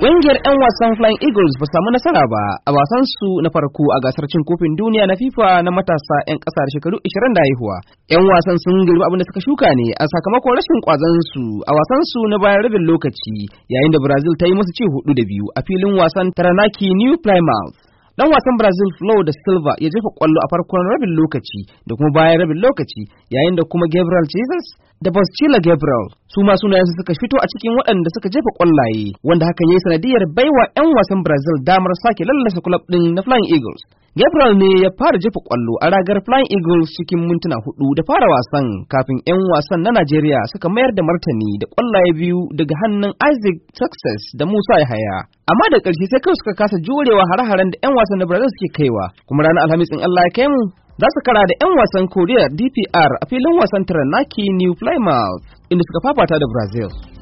Ƙungiyar 'yan wasan Flying Eagles ba samu nasara ba a wasan su na farko a gasar cin kofin duniya na FIFA na matasa 'yan ƙasa da shekaru 20 da haihuwa. 'Yan wasan sun girbi abin da suka shuka ne a sakamakon rashin ƙwazon su a wasan su na bayan rabin lokaci yayin da Brazil ta yi musu ci hudu da biyu a filin wasan Taranaki New Plymouth. dan wasan Brazil Flo da Silva ya jefa ƙwallo a farkon rabin lokaci da kuma bayan rabin lokaci yayin da kuma Gabriel Jesus da bostila Gabriel su ma sunayensu suka fito a cikin waɗanda suka jefa ƙwallaye wanda hakan ya yi sanadiyar baiwa 'yan wasan Brazil damar sake lallasa kulab ɗin na Flying Eagles. Gabriel ne ya fara jefa ƙwallo a ragar Flying Eagles cikin mintuna hudu da fara wasan kafin 'yan wasan na Najeriya suka mayar da martani da ƙwallaye biyu daga hannun Isaac Success da Musa Yahaya. Amma da ƙarshe sai kawai suka kasa jurewa hare-haren da 'yan wasan na Brazil suke kaiwa kuma ranar Alhamis in Allah ya kai mu za su kara da 'yan wasan Koriya DPR a filin wasan Taranaki New Plymouth inda suka fafata da Brazil.